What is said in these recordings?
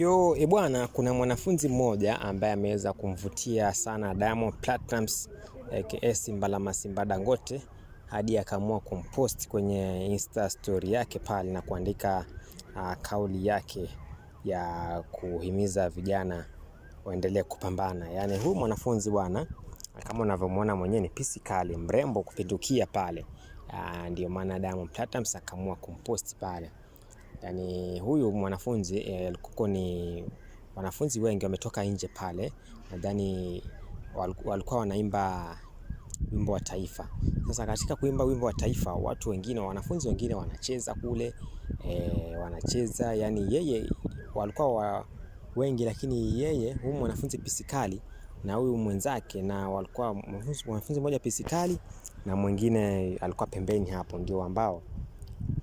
Yo, e bwana, kuna mwanafunzi mmoja ambaye ameweza kumvutia sana Diamond Platnumz aka Simbalama Simba Dangote hadi akaamua kumpost kwenye Insta story yake pale na kuandika uh, kauli yake ya kuhimiza vijana waendelee kupambana. Yaani huyu mwanafunzi bwana, kama unavyomwona mwenyewe ni pisi kali, mrembo kupindukia pale. Uh, ndio maana Diamond Platnumz akaamua kumpost pale yani huyu mwanafunzi e, ni wanafunzi wengi wametoka nje pale, nadhani walikuwa wanaimba wimbo wa taifa. Sasa katika kuimba wimbo wa taifa, watu wengine, wanafunzi wengine wanacheza kule e, wanacheza yani, yeye walikuwa wa wengi, lakini yeye huyu mwanafunzi pisikali na huyu mwenzake, na walikuwa mwanafunzi mmoja pisikali na mwingine alikuwa pembeni hapo, ndio ambao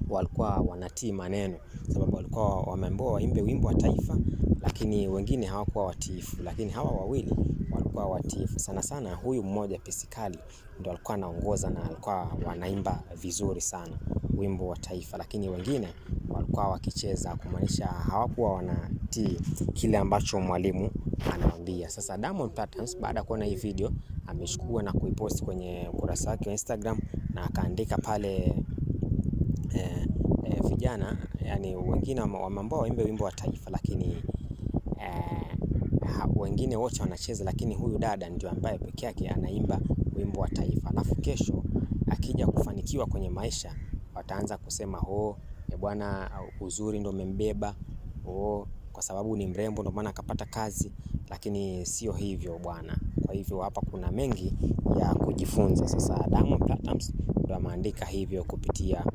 walikuwa wanatii maneno, sababu walikuwa wameambiwa waimbe wimbo wa taifa, lakini wengine hawakuwa watiifu, lakini hawa wawili walikuwa watiifu. Sana sana huyu mmoja Pisikali ndo alikuwa anaongoza na alikuwa wanaimba vizuri sana wimbo wa taifa, lakini wengine walikuwa wakicheza, kumaanisha hawakuwa wanatii kile ambacho mwalimu anawaambia. Sasa Diamond Platnumz baada ya kuona hii video amechukua na kuiposti kwenye ukurasa wake wa Instagram na akaandika pale vijana yani wengine wameambiwa waimbe wimbo wa taifa lakini eh, wengine wote wanacheza lakini huyu dada ndio ambaye peke yake anaimba wimbo wa taifa. Alafu kesho akija kufanikiwa kwenye maisha wataanza kusema oh, e bwana uzuri ndio umembeba oh, kwa sababu ni mrembo ndio maana akapata kazi, lakini sio hivyo bwana. Kwa hivyo hapa kuna mengi ya kujifunza. Sasa Diamond Platnumz ndio ameandika hivyo kupitia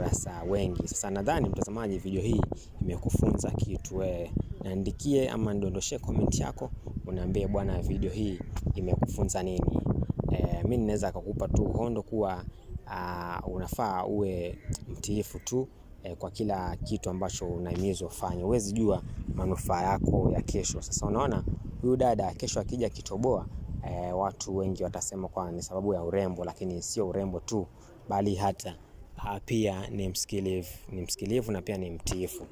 kurasa wengi. Sasa nadhani mtazamaji, video hii imekufunza kitu wewe. Naandikie ama ndondoshe comment yako, unaambie bwana, video hii imekufunza nini? E, eh, mimi ninaweza kukupa tu hondo kuwa uh, unafaa uwe mtiifu tu eh, kwa kila kitu ambacho unahimizwa ufanye. Huwezi jua manufaa yako ya kesho. Sasa unaona huyu dada kesho akija kitoboa eh, watu wengi watasema kwa ni sababu ya urembo, lakini sio urembo tu, bali hata Ah, pia ni msikilivu, ni msikilivu na pia ni mtiifu.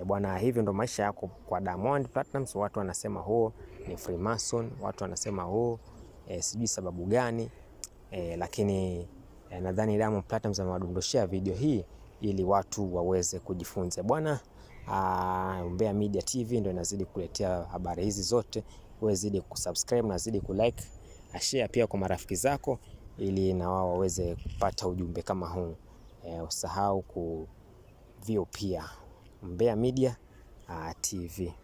E bwana, hivyo ndo maisha yako kwa Diamond Platnumz. Watu wanasema huo ni Freemason, watu wanasema huo e, sijui sababu gani e, lakini e, nadhani Diamond Platnumz amewadondoshea video hii ili watu waweze kujifunza e bwana. Umbea Media TV ndo inazidi kuletea habari hizi zote. Wewe zidi kusubscribe na zidi kulike, ashare pia kwa marafiki zako, ili na wao waweze kupata ujumbe kama huu e, usahau kuview pia Umbea Media uh, ah, TV.